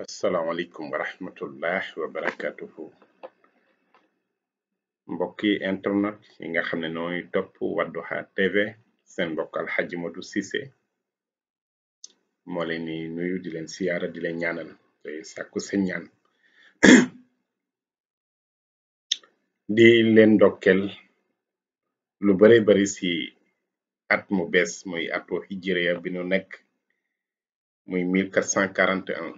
asalaamaaleykum wa rahmatullah wa barakatuhu mbokki internet yi nga xam ne nooy topp Wadduha TV seen mbokk Alxaji Modou Cissé moo ni nuyu di leen siyaara di len ñaanal te sàkku di len ndokkeel lu bare bari ci at mu bees muy atu hijriya bi nu nekk muy 1441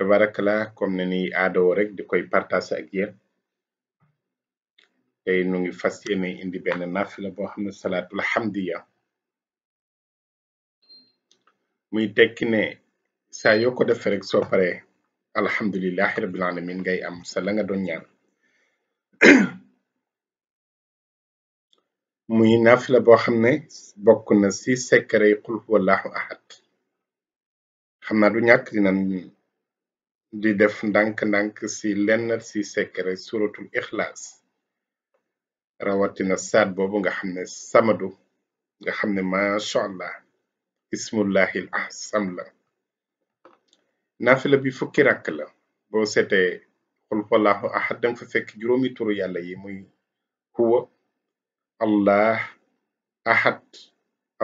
tabarakala comme ne ni aadoo rek di koy partage ak yéen tey nu ngi fas yéene indi nafila boo xam ne salaat salaatul hamdiya muy tekki ne saa yoo ko defee rek soo paree alhamdulilahi rabbil alamin ngay am sa nga doon ñaan muy nafila boo xam ne bokk na si sekare qul huwallahu ahad xam naa du ñàkk di def ndànk-ndànk ci lenn ci secret suratul ikhlas rawatina sad bobu nga xamne samadu nga xamne ma sha allah ismullahil ahsam la nafila bi fukki rak la bo sete xul walaahu ahad dang fa fek juromi turu yàlla yi muy huwa allah ahad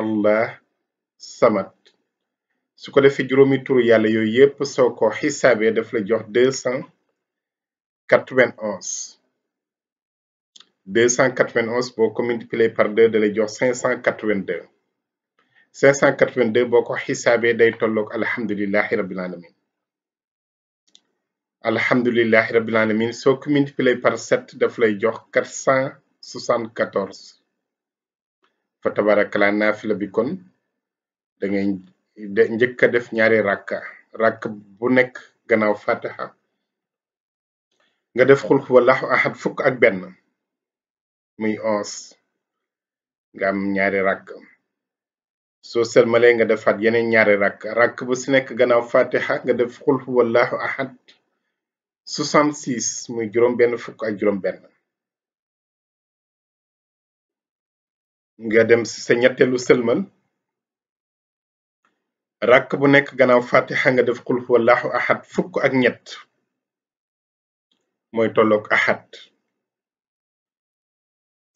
allah samad su ko defee juróomi turu yàlla yooyu yépp soo ko xisaabee daf la jox deux cent quatre-vingt-onze boo ko multiplier par deux da lay jox cinq cent quatre boo ko xisaabee day tolloog alhamdulilahi rabbil alamin alhamdulilahi rabbil alamin soo ko multiplier par sept daf lay jox quatre cent soixante-quatorze fa tabarakalaa naafila bi kon da de njëkk a def ñaari rakka rakk bu nekk gannaaw fatiha nga def xul wallahu ahad fukk ak benn muy onze nga am ñaari rakk soo selmalee nga def defaat yeneen ñaari rakk rakk bu si nekk gannaaw fatiha nga def xul wallahu ahad soixante-six muy juróom benn fukk ak juróom benn nga dem si sa ñetteelu sëlmal rakk bu nekk gannaaw fatixa nga def xul wallahu ahad fukk ak ñett mooy tolloog ahad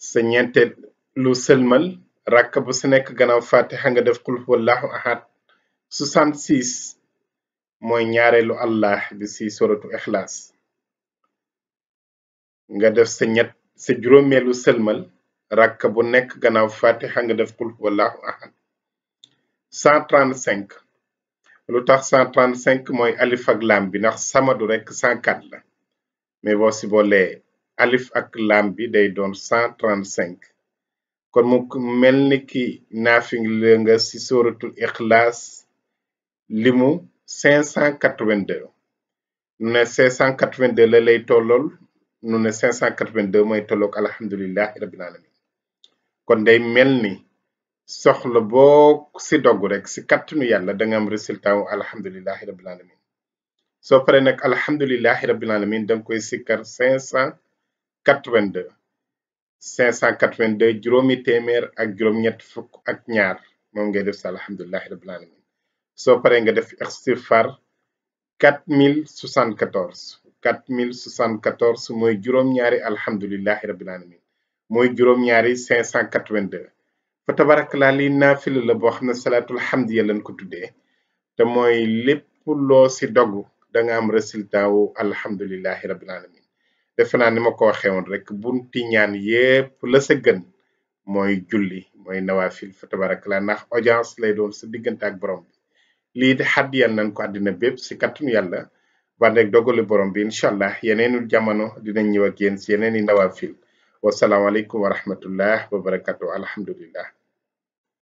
sa ñeenteel lu sëlmal rakk bu si nekk gannaaw fatixa nga def xul wallahu ahad 66 mooy ñaareelu allah bi si suratu ixlaas nga def sa ñett sa juróomeelu sëlmal rakk bu nekk gannaaw fatixa nga def xul wallahu ahad cent trente cinq lu tax cent trente cinq mooy alif ak laam bi ndax samadu rek cent quatre la mais boo si boolee alif ak laam bi day doon cent trente cinq kon muk mel ni ki naafi la nga ci sóoratul ixlaas limu cinq cent quatre vingt deux nu ne cinq cent quatre vingt deux la lay tollool nu ne cinq cent alamin kon day mel soxla boo si dogg rek si kattanu yalla da nga am résultat wu alhamdulilahi rabil alamin soo paree nag alhamdulilahi rabil alamin da koy sikkar cinq cent quatre vingt ak juróom-ñett fukk ak ñaar moom ngay def si alhamdulilahi alamin soo nga def istighfar quatre mille soixante-quatorze ñaari alamin ñaari fa la li nafil la bo xamna salatu salaatul ya lan ko tuddé te moy lepp lo si dogu da nga am resultat wu alhamdulilahi rabbil alamin ni ko waxee rek bunti ñaan yépp la sa gën moy julli moy nawafil fa la nax audience lay doon sa digënta ak borom bi lii di xaddiyal nan ko àddina bépp si kattanu yàlla bandek dogalu borom bi inshallah yenenul jamano dinañ ñëw ak yeen si yeneen nawafil nawafil Wassalamualaikum wa rahmatullah wa barakatu alhamdulillah